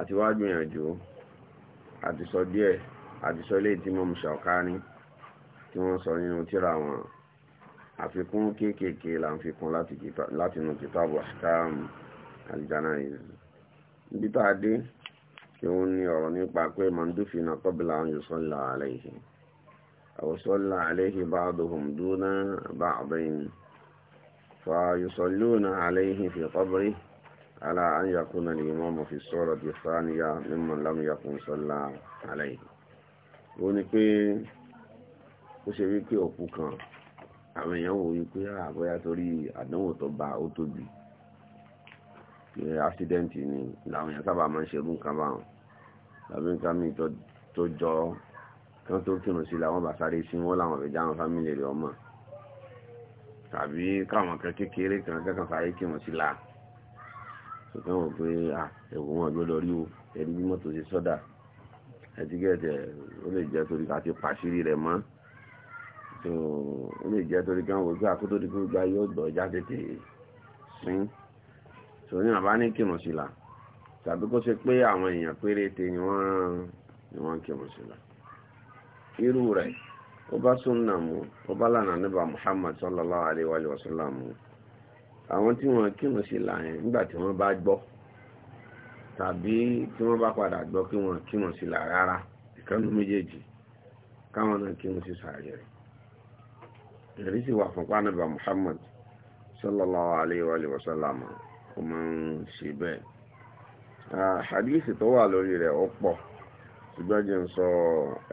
àti wá gbìyànjú àti sọ díẹ̀ àti sọ ilé tí mọ́mù Ṣàwkání tí wọ́n sọ nínú tíra wọn àfikún kéékèèké là ń fikún látinú kìtàbù Ahkam al-Jana'iz níbi tá a dé kí wọ́n ní ọ̀rọ̀ nípa pé mandufina qabla an yusalla alayhi aw salla alayhi ba'duhum duna ba'din fa yusalluna alayhi fi qabrihi على أن يكون الإمام في الصورة الثانية ممن لم يكن صلى عليه ó ní pé ó ṣe wípé òkú kan àwọn èèyàn wò wípé àbóyá ah, torí àdánwò tó bá ó tóbi ásídẹ́ǹtì ni làwọn èèyàn sábà máa ń ṣerú nǹkan báwọn tàbí nǹkan míì tó jọ kán tó kírun sí làwọn bá sáré sí wọn làwọn fẹjá àwọn fámìlì rẹ ọmọ tàbí káwọn kan kékeré kan kẹkàn sáré kírun sí la ṣùgbọ́n wọn pé à ẹ̀wọ̀n wọn gbọ́dọ̀ rí o ẹ̀rí bí mọ́tò ṣe sọ́dà ẹtí gẹ̀ẹ́tẹ̀ ó lè jẹ́ torí àti pàṣírí rẹ̀ mọ́ tó ó lè jẹ́ torí káwọn òkú àkótó di kó gba yóò gbọ́ já tètè sín tó ní àbá ní kírun sílà tàbí kó ṣe pé àwọn èèyàn péréte ni wọ́n ni wọ́n kírun sílà irú rẹ̀ ó bá súnnà mu ó bá lànà níbà Muhammad sallallahu alayhi wa sallam mu àwọn tí wọ́n kírun sí là yẹn nígbà tí wọ́n bá gbọ́ tàbí tí wọ́n bá padà gbọ́ kí wọ́n kírun sí là rárá ìkànnì méjèèjì káwọn náà kírun sí sàárẹ̀ rẹ̀ ẹ̀rí sì wà fún pánàbà Muhammad sallallahu alayhi wa sallam kò máa ń ṣe bẹ́ẹ̀ hadisi tó wà lórí rẹ̀ ó pọ̀ ṣùgbọ́n jẹ́ ń sọ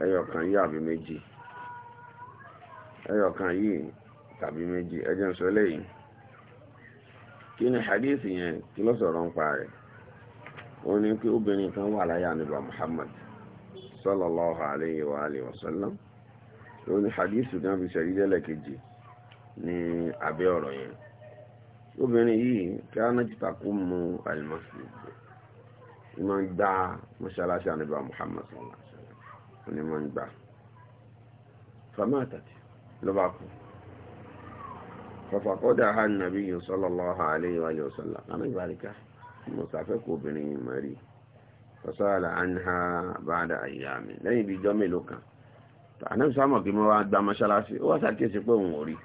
ẹyọkan yìí àbí méjì ẹyọkan yìí tàbí méjì ẹjẹ́ ń sọ eléyìí kí ni hadith yẹn kí ló sọ̀rọ̀ ń pa rẹ̀ ó ní pé obìnrin kan wà láyé àníbà Muhammad sallallahu alayhi wa alayhi wa sallam ó ní hadith náà fi ṣẹ̀rí lẹ́lẹ̀ kejì ní abẹ́ ọ̀rọ̀ yẹn obìnrin yìí kí á náà jìtàkú mu alimọ́sí ìmọ̀ ń gbá mọ́ṣáláṣí àníbà Muhammad sallallahu alayhi wa sallam ó ní mọ́ ń gbá famátàtì ló bá kú fọ̀fọ̀kọ́dà ha nàbí yìí sallallahu alayhi wa sallam anábàríkà mọ̀sáfẹ́kù obìnrin mẹ́rí fọ́sọ́lá anha ba'da ayyami lẹ́yìn ibi ìjọ mélòó kan anábì kí wọ́n wá gba mọ́ṣáláṣí ó wá sàkíyèsí pé òun ò rí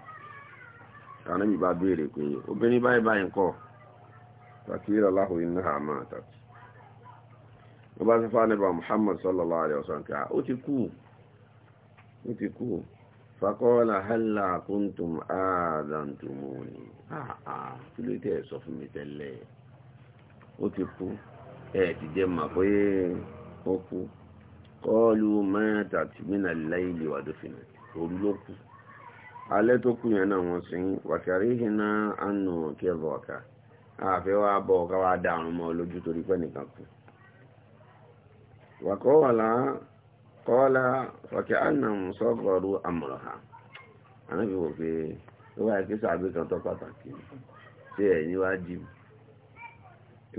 anábì bá béèrè pé obìnrin báyìí báyìí kọ́ iná àmà bá sọ fún Muhammad sallallahu wa fàkọ́ọ́lá hálà kúntùm àádọ́ntùmùnì àà kí ló tẹ́ sọ fún mi tẹ́lẹ̀ ó ti kú ẹ̀ ti jẹ́ mà pé ó kú kọ́ọ̀lù mẹ́ta tí mínà láìlè wà dófin òru ló kú alẹ́ tó kú yẹn náà wọ́n wàkàrí ọ̀ka àfẹ́ wa bọ̀ ọ̀ka wa kọ́lá fọ̀kẹ́ ánàm sọ́gọ̀rú àmọ̀ràn ànábì wò pé ó wáyé kí sàbí kan tó pàtàkì sí ẹ̀ níwájú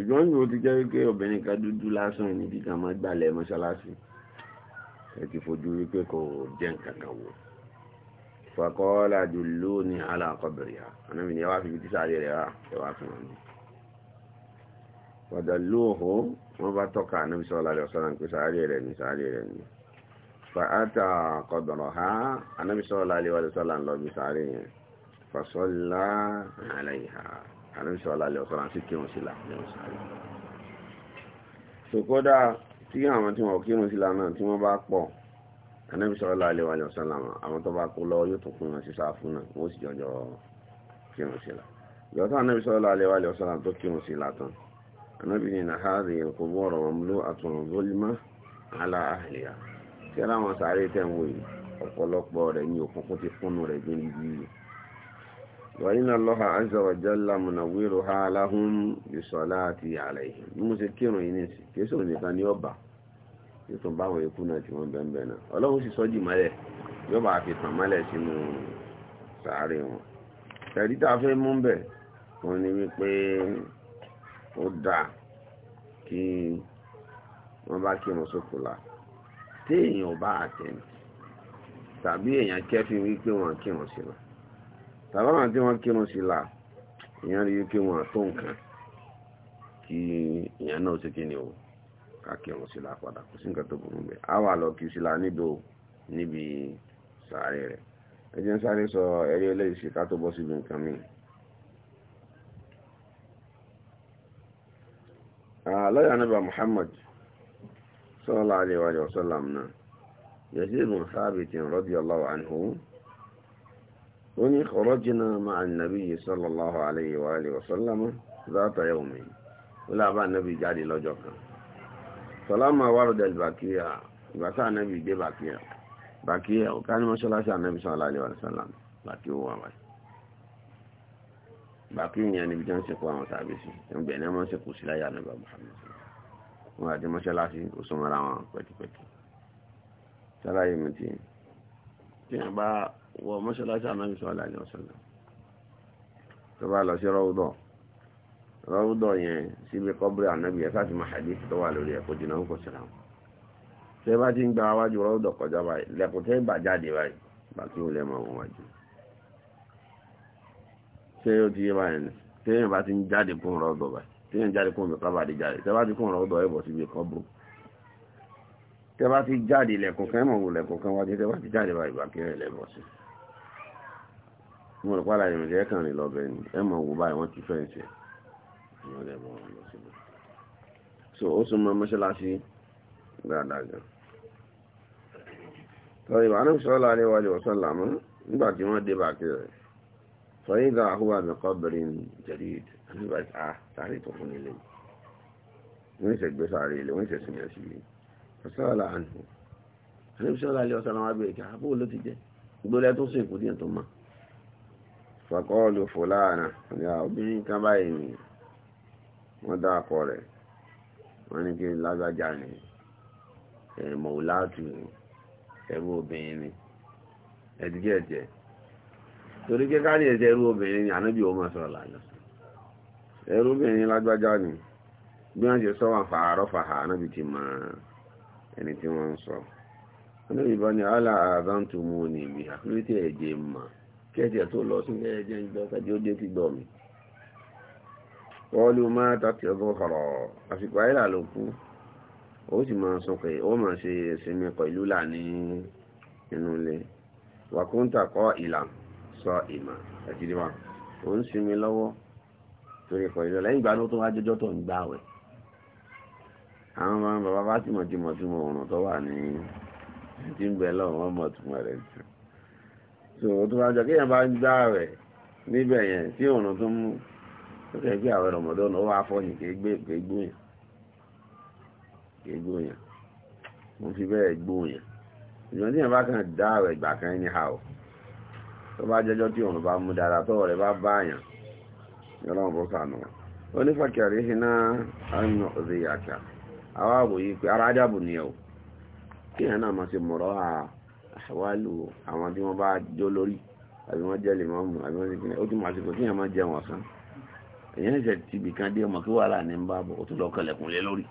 ṣùgbọ́n yóò ti jẹ́ wípé obìnrin kan dúdú lásán níbi kan máa gbàlẹ̀ mọ́ṣáláṣí ẹ ti fojú wípé kò jẹ́ nǹkan kan wò fọ̀kọ́lá jùlọ ní aláàkọ́bẹ̀rẹ̀ yá ànábì ni ẹ wá fi ti sáré rẹ̀ wá ẹ wá fún wọn wọ́dà lóòhó wọ́n bá tọ́ka ànábì sọ́ọ́lá lọ́sọ́lá ń pè sáré rẹ̀ ní sáré rẹ̀ ní fàátà kọ̀dọ̀rọ̀ ha anábi sallallahu alaihi wa sallam lọ bí sáré yẹn fàṣọ́lá aláìhà anábi sallallahu alaihi wa sallam sí kírun sílá lẹ́wọ̀n sáré ṣòkódà tí àwọn tí wọ́n kírun sílá náà tí wọ́n bá pọ̀ anábi sallallahu alaihi wa sallam àwọn tó bá kó lọ́wọ́ yóò tún kún wọn sí sáfún náà wọ́n sì jọjọ kírun sílá yọ̀tọ̀ anábi sallallahu alaihi wa tó kírun sílá tán anábi ní nàhàdì tí aláwọn sáré tẹ̀ ń wò yìí ọ̀pọ̀lọpọ̀ rẹ̀ ní òkùnkùn ti fúnnu rẹ̀ gbé níbi yìí wàyínà lọ́ha azọ̀wọ̀jọ́lá mọ̀nàwérò ha aláhùn ìsọ̀lá àti ààrẹ yìí bí mo ṣe kírun yìí ní sí kéésù nìkan ní ọba tí tó bá wọn ikú náà tí wọ́n bẹ̀ẹ̀ náà ọlọ́run sì sọ́jì mọ́lẹ̀ yóò bá tàn mọ́lẹ̀ sínú sàárè wọn tẹ̀rí tá a fẹ́ mú bẹ̀ wọn ni wípé ó dáa kí wọ́n bá kírun sókòlá tí èèyàn bá àtẹ̀mí tàbí èèyàn kẹ́fí wípé wọn kírun sí la tàbí àwọn tí wọ́n kírun sí la èèyàn rí wípé wọn tó nǹkan kí èèyàn náà ṣe kí ni o ká kírun sí la padà kò sí nǹkan tó burú bẹ́ẹ̀ á wà lọ kí sí la níbi níbi sàárè rẹ̀ ẹ jẹ́ ń sáré sọ ẹ̀rí eléyìí sí ká tó bọ́ síbi nǹkan míì. Ah, lọ́yà anábà Muhammad sallallahu alaihi wa sallam náà Yazid ibn Thabit radiyallahu anhu ó ní kharajna ma'a an-nabiy sallallahu alaihi wa sallam dhata yawmin ó lábá nàbí jáde lọ́jọ́ kan salama warada al-Baqi'a ìgbàsá nàbí dé Baqi'a Baqi'a ọ̀ká ní mọ́ṣọ́láṣí ànàbí sallallahu alaihi wa sallam Baqi'a wà wáyé Baqi'a yẹn sí ẹgbẹ̀rún wọn àti mọ́ṣáláṣí ó súnmọ́ ara wọn pẹ́kipẹ́kí sáláyé mi ti tí wọ́n bá wọ mọ́ṣáláṣí ànábì sọ́ọ́lá ní ọ̀sẹ̀lẹ̀ tó bá lọ sí rọ́wúdọ̀ rọ́wúdọ̀ yẹn síbi kọ́bùrì ànábì ẹ̀ sáà ti máa hadith tó wà lórí ẹ̀kọ́ jìnnà ń kò sí ra tẹ́ bá ti ń gba wájú rọ́wúdọ̀ kọjá báyìí lẹ́kùn tẹ́ bà jáde báyìí bàtí tí yẹn jáde kún mi kábàdé jáde tẹ́ bá ti kún ọ̀rọ̀ ọ̀dọ̀ ẹ̀bọ̀ síbi kan bò tẹ́ bá ti jáde lẹ́kùn kan mọ̀ wò lẹ́kùn kan wájú tẹ́ bá ti jáde bá ìgbà kẹrẹ lẹ́bọ̀ sí mo rò pàdà ìrìnàjò ẹ̀ kàn rìn lọ bẹ́ẹ̀ ni ẹ mọ̀ wò báyìí so ó sún mọ́ dáadáa gan tọ́ náà sọ́lá aléwájú ọ̀sán làmú wọ́n dé bàkí rẹ̀ sọ yí ga àhúwà mi kọ́bìnrin àti bá a sáré tó fún ilé wọ́n ṣe gbé sáré ilé wọ́n ṣe sùn yẹ sí ilé ọ̀sọ́ọ̀lá àánú àníbísọ́lá ilé ọ̀sán àwọn abẹ́rẹ́ kí àbó ló ti jẹ́ gbólẹ́ tó sìn kú díẹ̀ tó mọ́ fọkọ́ọ̀lù fòláàna ọ̀dà obìnrin ni wọ́n dá akọ rẹ̀ torí kí ká ní ẹ̀jẹ̀ ẹrú obìnrin ni ànábì ó máa sọ̀rọ̀ lánàá ẹrúbìnrin lágbájá ni bí wọ́n ṣe sọ wọn fàárọ̀ fàá níbi tí ma ẹni tí wọ́n ń sọ níbi bá ní àlà àdáǹtò mú ní ibi àkúrítì ẹ̀jẹ̀ mà kẹ́jẹ̀ tó lọ sí ẹ̀jẹ̀ ń gbọ́ kájí ó dé ti gbọ́ mi wọ́ọ̀lù máa tàkì ọgbọ́n ọ̀rọ̀ àsìkò àìlà ló kú ó sì máa sọ pé ó máa ṣe ìsinmi pẹ̀lú là ní inú ilé wàkúntà kọ́ ìlà sọ ìmà ẹ̀jìdìmọ̀ ó ń sinmi lọ́wọ́ torí ẹ̀kọ́ ìlọ lẹ́yìn ìgbà tó wá jọjọ́ tó ń gbà wẹ̀ àwọn ọmọ bàbá bá sì mọ̀ tí mọ̀ tí mọ̀ ọ̀nà tó wà ní tí ń bẹ lọ́wọ́ wọn mọ̀ túmọ̀ rẹ̀ jù so tó bá jọ kéèyàn bá ń gbà wẹ̀ níbẹ̀ yẹn tí ọ̀nà tó mú ó kẹ́ gbé àwẹ̀ rọ̀mọ̀dọ́nà ó wá fọyín kéégbóyàn kéégbóyàn mo fi bẹ́ẹ̀ gbóyàn ìjọba tí yẹn bá kàn dá àwẹ̀ gbà kan ní ha ò tó bá jọjọ́ tí ọ̀nà bá mú dára tọ́wọ́ rẹ̀ bá báyàn ọlọ́run bọ́ sànù wọn ó ní fàkẹ̀rẹ̀ iná àánú ọ̀dẹ̀ yàkà àwọn àbò yìí pé ara ajábù ni ẹ̀ o kí ẹ̀ náà máa ṣe mọ̀rọ̀ àwálù àwọn tí wọ́n bá jó lórí àbí wọ́n jẹ́ lèmọ́mù àbí wọ́n ti kí ó ti máa ṣe kò kí ẹ̀ máa jẹun ọ̀sán èyàn ṣe ti bì kan dé ọmọ kí wàhálà ní ń bá bọ̀ ó tún lọ kẹlẹ̀kùn lé lórí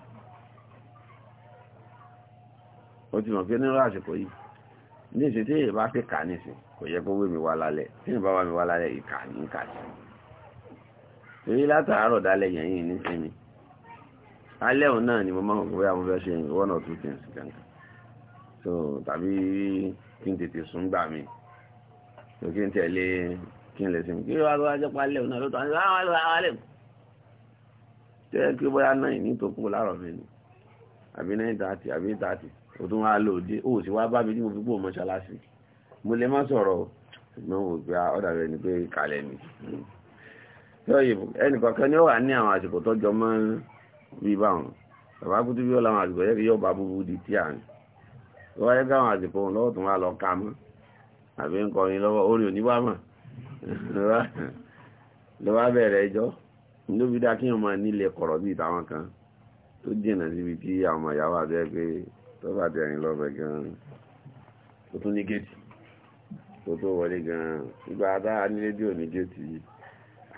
ó ti mọ̀ pé nínú àsìkò yìí ní ìsìn tí èyí bá fi kà nísìn kò yẹ èyí látàárọ̀ dálẹ̀ yẹn yìí ní sinmi alẹ́ òun náà ni mo máa ń kọ́ bóyá mo fẹ́ ṣe one or two things kankan so tàbí kí n tètè sùn gbà mí so kí n tẹ̀lé kí n lè sinmi kí wàá wá jẹ́ pa alẹ́ òun náà ló tọ́ àwọn àwọn àwọn alẹ́ tẹ́ kí bóyá náà ní tó kú láàrọ̀ mi ni àbí nine thirty àbí thirty o tún wá lò dé o sì wá bá mi tí mo fi gbó mọ́ṣáláṣí mo lè má sọ̀rọ̀ ṣùgbọ́n mo gbé ọ̀dà ah, rẹ ni pé kalẹ̀ mi yọ̀yìnbó ẹnìkọ̀ọ̀kan ni ó wà ní àwọn àsìkò tọ́jọ mọ́ bí báwọn bàbá kútú bí ó làwọn àsìkò yẹ́ kí yọ̀bá búburú di tí à ń tó wáyé káwọn àsìkò lọ́wọ́ tó wá lọ ká mọ́ àbí ń kọrin lọ́wọ́ orí òníwá mọ̀ ló wá bẹ̀rẹ̀ ẹjọ́ níbi dá kí ọmọ nílé kọ̀rọ̀ bíi táwọn kan tó jìnà síbi tí àwọn ìyàwó àti ẹgbẹ́ tó bá tẹ̀rin lọ́bẹ̀ gan-an tó tún ní géètì tó tó wọlé gan-an ìgbà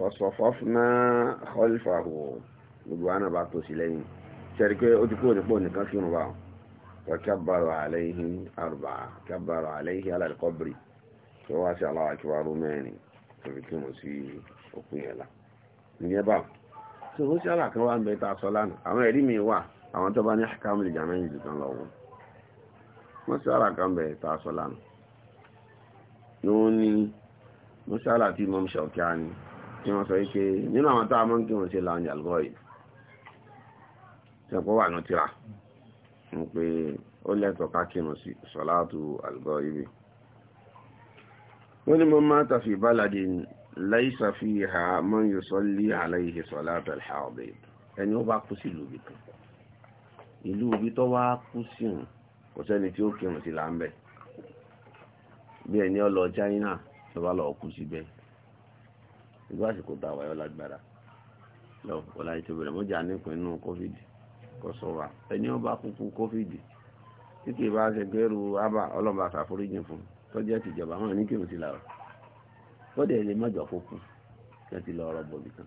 fọ́sọ̀fọ́fúnná kọ́lífàwò gbogbo àná bá tó sí lẹ́yìn sẹ́rí pé ó ti kúrò nípò nìkan sí ìrùbá wọ́n kábàrọ̀ àlẹ́yìn àrùbá kábàrọ̀ àlẹ́yìn alàlùkọ́bìrì tó wá sí aláwọ̀ akíwárú mẹ́rin tó fi kí wọn sí òkú yẹn la ìyẹn bá tó ó sì alákan wá ń bẹ tá a sọ lánàá àwọn ẹ̀rí mi wà àwọn tó bá ní àkàmù jàmẹ́ yìí kan lọ́wọ́ wọ́n sì alákan bẹ tá a sọ lánàá ní wọ́n ní mọ́sálà tí mọ́mṣọ̀kí á ní kí wọ́n sọ wípé nínú àwọn tó a mọ́ kí wọ́n ṣe láwọn jàlùbọ́ yìí ṣẹ̀pọ̀ wà ní tíra ń pé ó lẹ́tọ̀ kákìrùn sí sọ́látù àlùbọ́ ibi wọ́n ni mo máa tàfi bálàdì láìsà fi ha mọ́ yóò sọ lé àlàyé sọ́látù àlùbọ́ ẹni ó bá kú sí ìlú ibìkan ìlú ibi wá kú sí òun kò sẹ́ni tí ó kírun sí láńbẹ̀ bí ẹni ó China ló bá lọ kú síbẹ̀ ìgbà àsìkò tá a wáyọ lágbára lọ ọlá ètò ìbẹ̀rẹ̀ mọ́jà nípìn inú covid kò sọ wa ẹni ó bá kúkú covid tí kì í bá ṣe gbẹrù ábà ọlọ́mọ àtàforíjìn fún tọ́jẹ́ tìjọba wọn ní kírun sí lára kọ́dẹ̀ ilé mọ́jọ kúkú kí wọ́n ti lọ ọ̀rọ̀ bọ̀bì kan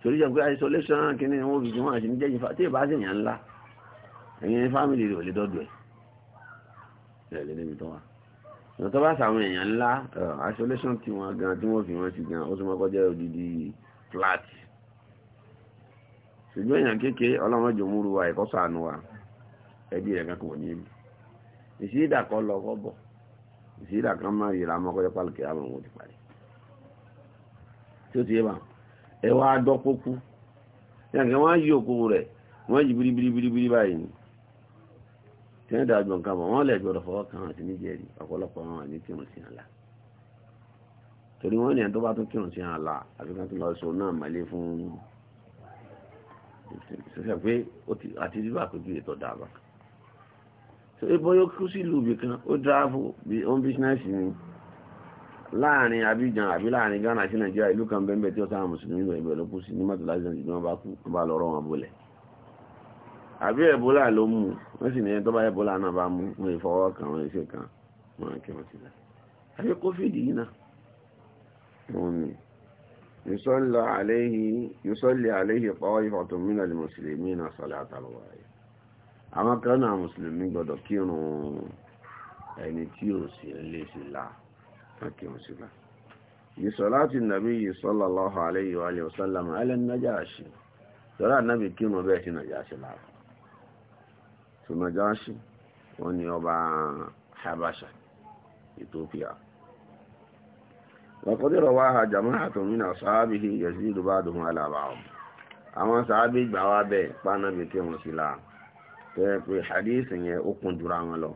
torí jẹ́ pé isolation kìíní wọn ò fi jù wọn àti níjẹ́ ìfà tí ìbá ṣèyàn ńlá ẹ̀yin fámìlì rẹ̀ ò lè dọ́dọ̀ ẹ̀ ẹ̀ lè níbi tó wà tó bá sàwọn èèyàn ńlá isolation tí wọ́n gan tí wọ́n fi wọ́n sí gan ó súnmọ́ kọjá òdìdí flat ṣùgbọ́n èèyàn kéèké ọlọ́mọdé múru wa ẹ̀kọ́ sànù wa ẹbí rẹ̀ kankan wọ̀nyí mi ìṣídà kan lọ kọ́ bọ̀ ìṣídà kan má rí ìlànà ọkọ̀ yẹpàlù kí àwọn ohun ti parí tí ó ti yé bá ẹ wá dọ́pọ́kú yàgàn wọ́n á yí òkú rẹ̀ wọ́n yí biribiribiri báyìí tí wọ́n dàgbọ̀n nǹkan bọ̀ wọ́n lè gbọ́dọ̀ fọwọ́ kan àti níjẹ̀rí ọ̀pọ̀lọpọ̀ wọn ní kírun sí àlà torí wọ́n ní ẹni tó bá tún kírun sí àlà àfi kan tó lọ sọ náà mọ́lé fún ṣẹṣẹ pé àti bíbá àpéjú ètò dàbà tó ebó yóò kú sí ìlú ibì kan ó dáàbò bí ó ń bísínẹ́sì ni láàrin Abidjan àbí láàrin Ghana sí Nàìjíríà ìlú kan bẹ́ẹ̀ bẹ́ẹ̀ tí ó sáà mùsùlùmí lọ ibẹ̀ kú sí ní mọ́tò láti àbí ẹ̀bólà ló mú wọ́n sì ní ẹni tó bá ẹ̀bólà náà bá mú wọn ìfọwọ́ kan wọn ìṣe kan wọn kí wọn sílẹ̀ àbí kófíìdì yìí náà òun ni yùsọ́lẹ̀ àléhì yùsọ́lẹ̀ àléhì pọ́wọ́ ìfọ̀tò mílẹ̀ ní mùsùlùmí náà sọ́lẹ̀ àtàlùwà yìí àwọn kan náà mùsùlùmí gbọ́dọ̀ kírun ẹni tí ò sí lè sí la wọn kí wọn sílẹ̀ yùsọ́lá ti nàbí yùsọ́lẹ̀ àléhì sùmọ́jáṣì wọ́n ní ọba habasha ethiopia lọ́kọ́dé rọwá jama'atu min ashabihi yazidu ba'duhum ala ba'd àwọn sàábì gbà wá bẹ́ẹ̀ pánábì kí wọ́n sí la tẹ́ pé hadith yẹn ó kún jura wọn lọ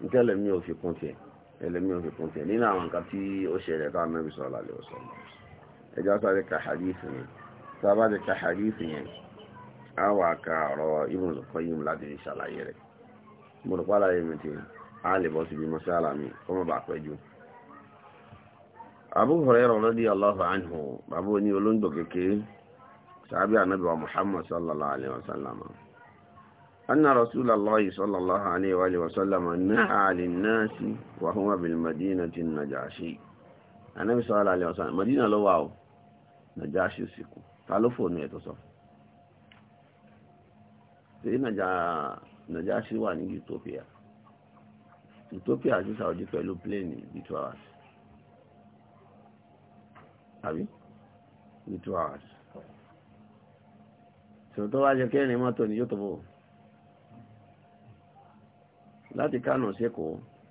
nítẹ́lẹ̀ mi ò fi kún tiẹ̀ ẹlẹ́mi ò fi kún tiẹ̀ nínú àwọn nǹkan tí ó ṣẹlẹ̀ tá ànábì sallallahu alaihi wasallam ẹjọ́ sáré ka hadith yẹn sábà ti ka hadith yẹn àwà ka ọ̀rọ̀ Ibn al-Qayyim láti fi ṣàlàyé rẹ̀ mo rò pàlà yẹn ti a lè bọ́ síbi mọ́ṣálà mi kọ́ mọ́ bà pẹ́ jù Abu Hurairah radiyallahu anhu bàbá oní olóńgbò kékeré sàbí أن رسول الله صلى الله عليه وآله وسلم نهى للناس وهو بالمدينة النجاشي النبي صلى عليه وسلم مدينة لواو نجاشي سيكو تعالوا فوني tí Nàjáṣí wà ní Utopia Utopia àti Saudi pẹ̀lú plane bí two hours àbí bí two hours ṣùgbọ́n tó wá jẹ kẹrin mọ́tò ní yóò láti Kánò sí Èkó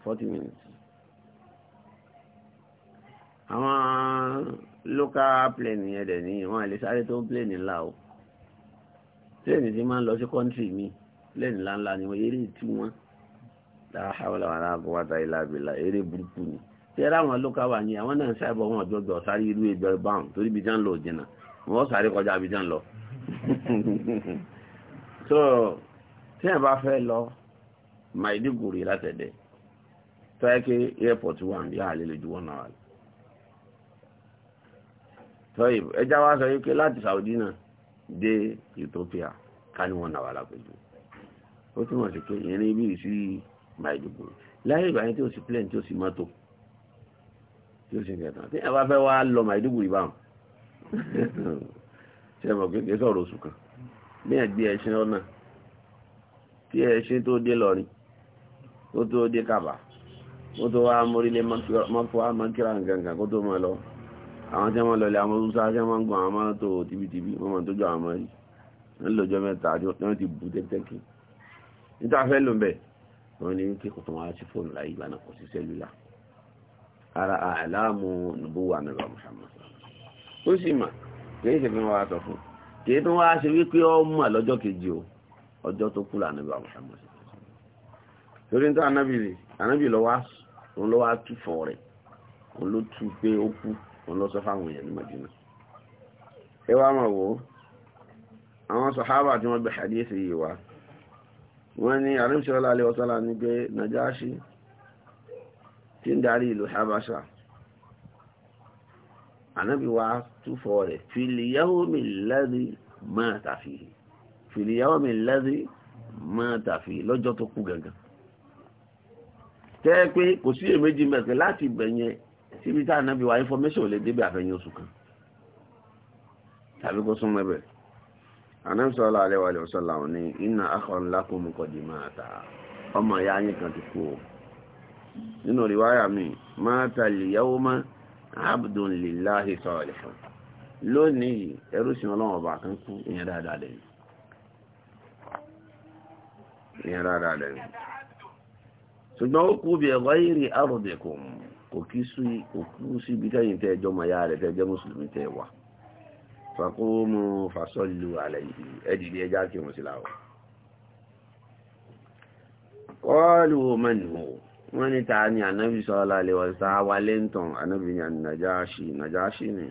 forty minutes àwọn local plane yẹn dẹ̀ ní wọ́n lè sáré tó plane ńlá o tílẹ̀nì tí máa ń lọ sí kọ́ńtì mi tílẹ̀nì láńlá ni wọ́n eré tí wọ́n láhàwọ́lá wọn láàbọ̀ wáta ilá abìlà eré burúkú ni tí ẹ ráwọn lókà wà ní àwọn náà ń sáìbọ̀ wọn ọjọ́jọ́ sáré irú ìjọ ìbáhùn torí bí ján lọ òjìnà wọ́n sáré kọjá bí ján lọ. so tí ẹ bá fẹ́ lọ Maiduguri látẹ̀dẹ̀ tó yẹ kí airport wà ní àlè lójú wọn náà wà. tọ́yì ẹja wa sọ yìí pé láti Saudi náà dé utopia, ká ní wọ́n náwà lápẹjù ó túnmọ̀ sí pé ìrìn ibi sí Maiduguri láyé ìbáyé tí ó sì plane tí ó sì mọ́tò tí ó sì ń kẹta tí ẹ bá fẹ́ wá lọ Maiduguri báwọn ṣe mọ̀ kéèké sọ̀rọ̀ oṣù kan ní ẹ̀gbẹ́ ẹṣin ọ̀nà kí ẹṣin tó dé lọ́rin ó tó dé Kábà ó tó wá mórílé mọ́kíra nǹkan kó tó mọ́ lọ àwọn tí wọ́n lọlẹ̀ àwọn Hausa tí wọ́n gbọ́n àwọn tó tibitibi wọ́n mọ̀ tó jọ àwọn rí wọ́n lọ́jọ́ mẹ́ta tí wọ́n ti bù tẹ́tẹ́kì níta fẹ́ ló ń bẹ̀ wọ́n ní kí kò wọn sí fóònù láyé ìgbà náà kò sí sẹ́lúlà ara àlámù nùbúwà nàbà Muhammad ó sì mà kìí ṣe fi wọn wá sọ fún kìí tó wá ṣe wípé ọmọ lọ́jọ́ kejì o ọjọ́ tó kú lànàbà Muhammad torí níta anábì lọ́wọ́ òun lọ́wọ́ á tú òun lọ sọ fáwọn èèyàn ní Madina ẹ wá mọ̀ wò àwọn sàhábà tí wọ́n gbé hadith yìí wá wọ́n ní àrímṣọ́lá alẹ́ ọ̀sọ́lá ní pé Najashi tí ń darí ìlú Habasha ànábì wa túfọ̀ rẹ̀ fìlìyàwómi lẹ́rí máa tàfi fìlìyàwómi lẹ́rí máa tàfi lọ́jọ́ tó kú gangan tẹ́ pé kò sí èméjì mẹ́fẹ́ láti bẹ̀yẹn síbi tá ànábì wa information ò lè débi àfẹ̀yìn oṣù kan tàbí kó súnmọ́ ẹbẹ̀ ànábì sallallahu alaihi wa sallam ní inna akhan lakum qad mata ọmọ ìyá yín kan ti kú o nínú rìwáyà mi mata al-yawma abdun lillahi salihun lónìí ẹrú sin ọlọ́wọ̀n ọba kan kú ìyẹn dáadáa lẹ́yìn ìyẹn dáadáa lẹ́yìn ṣùgbọ́n ó kú bi ghayri ardikum mú kò kí sú òkú síbi tẹ́yìn tẹ́ ẹjọ́ mọ̀yá rẹ̀ tẹ́ jẹ́ mùsùlùmí tẹ́ wà fàkóómù fàṣọ́lù àlẹ́ yìí ẹ̀dìdì ẹjá kí wọ́n sí láwọ̀ kọ́ọ̀lù mẹ́nu wọ́n ní ta ni ànábì sọ́ọ́lá lè wọ́n sá wà lẹ́ntàn ànábì ni ànàjáṣì nàjáṣì ni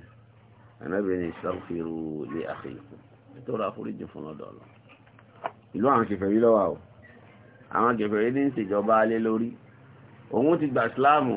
ní ìṣèjọba lórí òun ti gbà síláàmù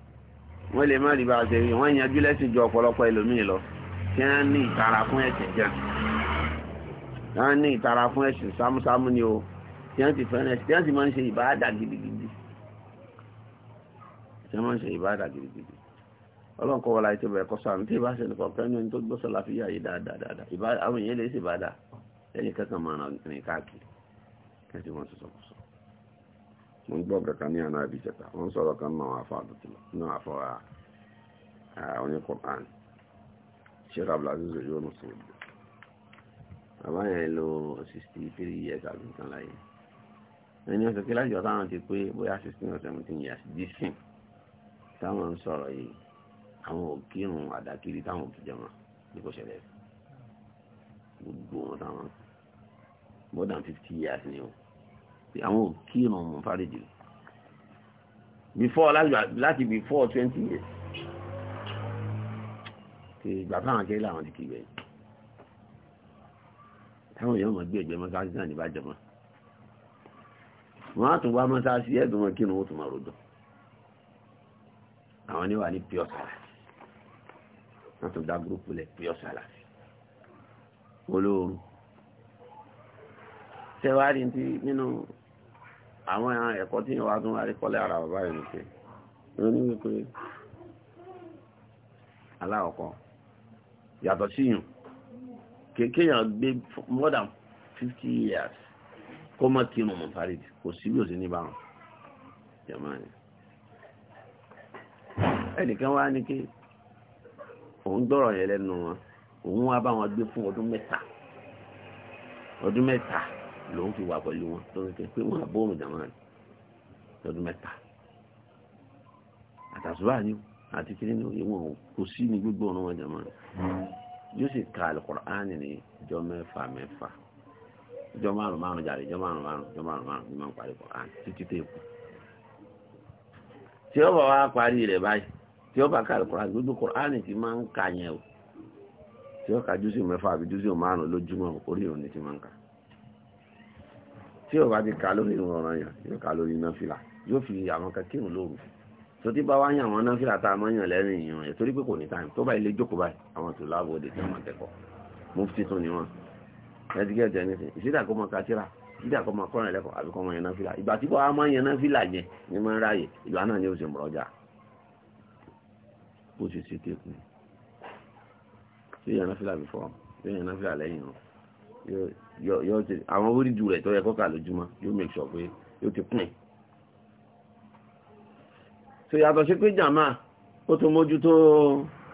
wọ́n lè má rí bá a ṣe rí wọ́n yanjú lẹ́sìn ju ọ̀pọ̀lọpọ̀ ẹlòmíì lọ tí wọ́n ní ìtara fún ẹ̀sìn jẹ́ wọ́n ní ìtara fún ẹ̀sìn sámúsámú ni o tí wọ́n ti fẹ́ràn ẹ̀sìn tí wọ́n sì máa ń ṣe ìbáàdà gidigidi tí wọ́n máa ń ṣe ìbáàdà gidigidi ọlọ́run kọ́ wọlé àti ìbẹ̀rẹ̀ kọ́ sàánú tí ìbáṣẹ nìkan kẹ́ni ẹni tó gbọ́ sàlàfíà yìí dáadáa àwọn èèyàn lè ṣèbàdà lẹ́yìn mo ń gbọ́ kankan ní àná àbí ìjẹta wọ́n sọ̀rọ̀ kan náà àfọ àdùtìlọ̀ náà àfọ oníkùnrin ṣẹ́ra blazizo yóò nù sí ìlú bàbá yẹn lo 63 years àbí nǹkan láyé ẹni ọ̀sẹ̀ kí lájọ táwọn ti pé bóyá 16 or 17 years dísìn táwọn ń sọ̀rọ̀ yìí àwọn òkírun àdákiri táwọn òkè jẹmọ ní kò ṣẹlẹ̀ gbogbo wọn táwọn more than 50 years ni o pé àwọn ò kí ìrun mọ̀nfàrìdì before láti before twenty years kì ìgbà táwọn akẹ́lẹ́ àwọn ti kì í bẹ́ẹ̀ táwọn èèyàn mọ̀ gbé ẹgbẹ́ mọ́sáàsì náà níbàjẹ́ mọ́ wọ́n á tún wá mọ́sáàsì ẹ̀dùn wọn kí ni wọ́n tún máa rojọ́ àwọn níwà ní pure salad wọ́n tún dá gúrúpù lẹ̀ pure salad olóoru tẹ́wàá rí nínú àwọn ẹ̀kọ́ tí wọ́n tún wá rí kọ́lẹ̀ ara bàbá rẹ̀ nìkẹ́ ronú wípé aláwọ̀kọ́ yàtọ̀ síyùn kéèyàn gbé more than fifty years kó mọ́ kí mọ̀mọ́ fárídì kò sí bí ò sí ní báwọn jẹ́mọ́ni ẹnìkan wá ní kí òun gbọ́rọ̀ yẹn lẹ́nu wọn òun wá bá wọn gbé fún ọdún mẹ́ta ọdún mẹ́ta lòun fi wà pẹ̀lú wọn tó ń ké pé wọn àbóòrùn jàmáà ni lọ́dún mẹ́ta àtàṣùbà ni àti kiri ni ìwọ̀n kò sí ní gbogbo ọ̀nà wọn jàmáà yóò sì ka alukur'ani ní ìjọ mẹ́fà mẹ́fà ìjọ márùn márùn jàre ìjọ márùn márùn ìjọ márùn márùn ní máa ń parí kur'ani títí tó èkó tí ó bá wá parí rẹ̀ báyìí tí ó bá ka alukur'ani gbogbo kur'ani ti máa ń ka yẹn o tí ó ka jùsù mẹ́fà àbí jùsù márùn lójúmọ́ orí òun ni ti máa ń ka tí ò bá ti kà lórí ìrun ọ̀ràn yàn yóò kà lórí náfìlà yóò fi àwọn kankan lóru tó tí bá wáyàn àwọn náfìlà tá a mọ́ yàn lẹ́rìn ìyàn ẹ̀ torí pé kò ní táìmù tó bá ilé jókòó báyìí àwọn tó láàbò òde tí wọ́n kẹ́kọ̀ọ́ mufti tún ni wọ́n ẹ̀dígẹ́ ẹ̀jẹ̀ ní sìn ìsídà kó mọ kásíra ìsídà kó mọ kọ́rin lẹ́kọ̀ọ́ àbí kọ́ mọ yàn náfìlà ìgbà tí wọ́n mọ yàn náfìlà yẹn ni máa ń ráàyè ìgbà náà ni ó sì mọ̀ ọjà bó ṣe ṣe tẹ́kùn sí yàn náfìlà before sí yàn náfìlà lẹ́yìn náà yóò ti àwọn orídìí rẹ̀ tó yẹ kọ́kà lójúmọ́ yóò make sure pé yóò ti pín so yàtọ̀ sí pé jàmá ó tó mójútó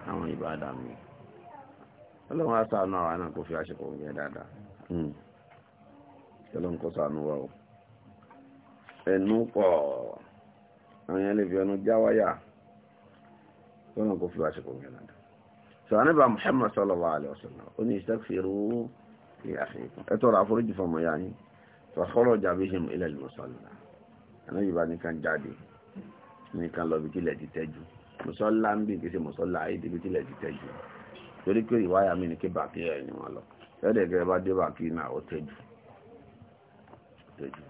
àwọn ìbádà mi ọlọ́run aṣàánú àwọn náà kò fi àṣepọ̀ oúnjẹ dáadáa hmm. ọlọ́run kó ṣàánú wa o ẹnu pọ̀ àwọn yẹn lè fi ẹnu já wáyà ọlọ́run kó fi àṣepọ̀ oúnjẹ dáadáa sọ àníbà Muhammad sallallahu alaihi wasallam ó ní istaghfiru يا أخيكم أترى فرج فما يعني فخرج بهم إلى المصلى أنا يباني كان جادي ni kan lọ bí tí ilẹ̀ ti tẹ́jú mùsọ́lá ń bí kí sí mùsọ́lá àìdí bí tí ilẹ̀ ti tẹ́jú torí pé ìwáyà mi ní kí bàkí ẹ̀ ni wọ́n lọ ẹ̀dẹ̀ gẹ́gẹ́ bá dé bàkí náà ó tẹ́jú tẹ́jú.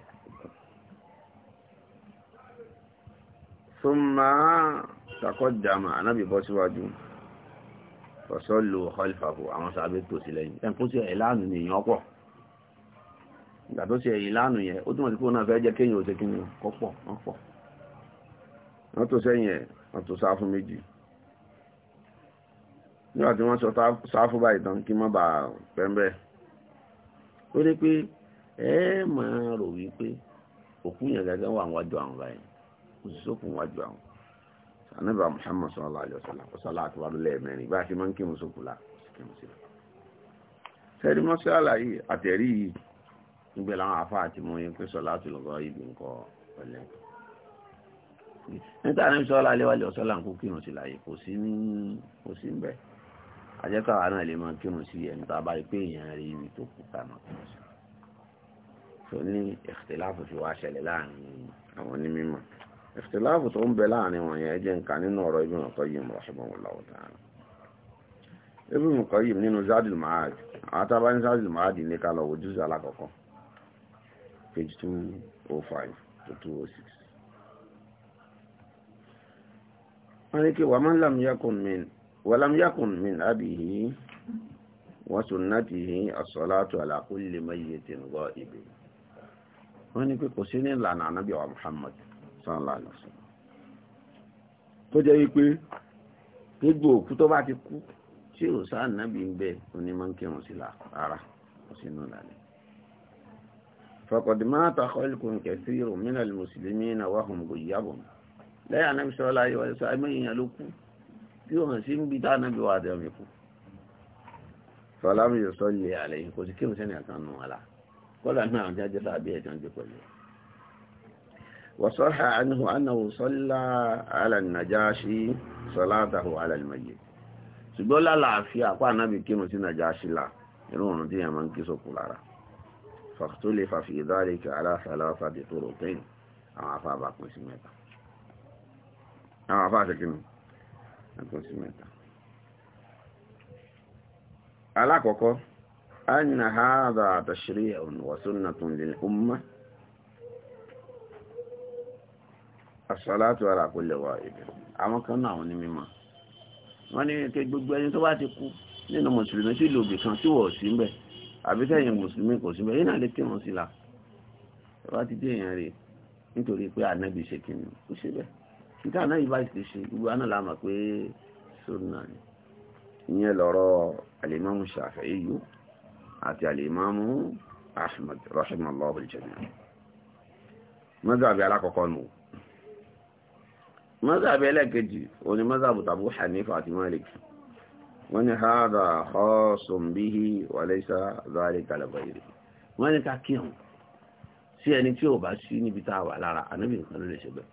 súnmọ́ takọ́ jàmà anábìbọ́ síwájú. Si fọ̀sọ́lù ọ̀họ́lfàfò àwọn sàbẹ̀ tó sí lẹ́yìn ẹn fún sí ìlànà ní èèyàn pọ̀ ìgbà tó sí ìlànà yẹn ó túnmọ̀ sí pé ó náà fẹ́ jẹ́ kéèyàn òṣè kíni kọ́pọ̀ wọ́n pọ̀ wọ́n tó sẹ́yìn ẹ̀ wọ́n tó sáfù méjì nígbà tí wọ́n sọ sáfù báyìí tán kí má bàa pẹ́ńbẹ́ ó ní pé ẹ máa rò wípé òkú yẹn gẹ́gẹ́ wà wájú àwọn báyìí òṣìṣẹ́ òkú wájú àwọn ànábì Muhammad sallallahu alaihi wasallam ọ̀sọ́lá àtúwárú lẹ́ẹ̀mẹ́rin bá a ṣe máa ń kí wọn sókùlá kí wọn sílẹ̀ sẹ́rí mọ́ṣálà yìí àtẹ̀rí yìí nígbẹ̀ láwọn afá àti mọ́ yẹn pé sọ̀lá tó lọ́gọ́ ibi nǹkan ọ̀lẹ́ níta ní sọ́lá aléwálé ọ̀sọ́lá ń kó kírun sí láyé kò sí ní kò sí ń bẹ̀ àjẹkọ̀wá náà lè máa kírun sí ẹni tá a bá rí pé èèyàn rí ibi fi wá ṣẹlẹ̀ láàrin àwọn onímọ̀ ìfìtìláàfù tó ń bẹ láàrin wọn yẹn jẹ́ nǹkan nínú ọ̀rọ̀ Ibn Qayyim rahimahullahu ta'ala Ibn Qayyim nínú Zadul Ma'ad àtàbá ní Zadul Ma'ad ní kálọ̀ ojúṣe alákọ̀ọ́kọ́ page 205 to 206 wọ́n ní kí wa man lam yakun min wa lam yakun min abihi wa sunnatihi as-salatu ala kulli mayyitin ghaib wọ́n ní pé kò sí ní ìlànà ànábì wa Muhammad sallallahu alaihi wasallam tó jẹ́ wípé gbogbo òkú tó bá ti kú tí ò sáà nábì ń bẹ onímọ̀ ń kírun sí la rárá kò sínú lálẹ́ fọkọ̀dìmọ́ àtàkọ́lùkùn kẹsí òmìnà mùsùlùmí náà wà hùn gòyàbọ̀ lẹ́yìn anábì sọ́lá yọ ẹ̀sọ́ ẹgbẹ́yìn ló kú tí ó hàn sí ń bi tánábì wà dẹ̀ mi kú fọlámi yóò sọ lè àlẹ́yìn kò sí kírun sẹ́ni àkànnù àlà kọ́lá náà jẹ́ jẹ́ tàbí ẹ̀jọ́ ń jẹ́ pẹ̀lú ẹ̀ وصح عنه أنه صلى على النجاشي صلاته على الميت ṣùgbọ́n lálàáfíà pa náàbì kí mo sí Najashi lá irúnrùn tí yẹn máa ń kí sókù lára فاختلف في ذلك على ثلاثة طرق àwọn afá bá pín sí mẹ́ta àwọn afá ṣe kínú pín sí mẹ́ta alákọ̀ọ́kọ́ أن هذا تشريع وسنة للأمة àṣàlátù ara kò lẹ̀wà èdè àwọn kan náà ní mímọ̀ wọ́n ní kí gbogbo ẹni tó bá ti kú nínú mùsùlùmí sí ìlú ibìkan tí wọ̀ sí mbẹ̀ àbí sẹ́yìn mùsùlùmí kò sí mbẹ̀ yìí náà lè kí wọn sí la ẹ bá ti dé èèyàn rè nítorí pé ànábì ṣe kí ni ó ṣe bẹ́ẹ̀ níta ànábì bá ti ṣe gbogbo àná la pé sunna ni ìyẹn lọ́rọ̀ alimami Shafi'i yìí àti alimami Ahmad rahimallahu aljami mazhabi alakọkọ nù mọ́sàbí ẹlẹ́kejì òní mọ́sàbù tàbí hanifa àti malik wọ́n ni haada khasun bihi wa laysa dhalika lẹ́gbẹ̀ẹ́rẹ́ wọ́n ni ká kíhùn sí ẹni tí ò bá sí níbi tá a wà lára ànábì nǹkan ló lè ṣe bẹ́ẹ̀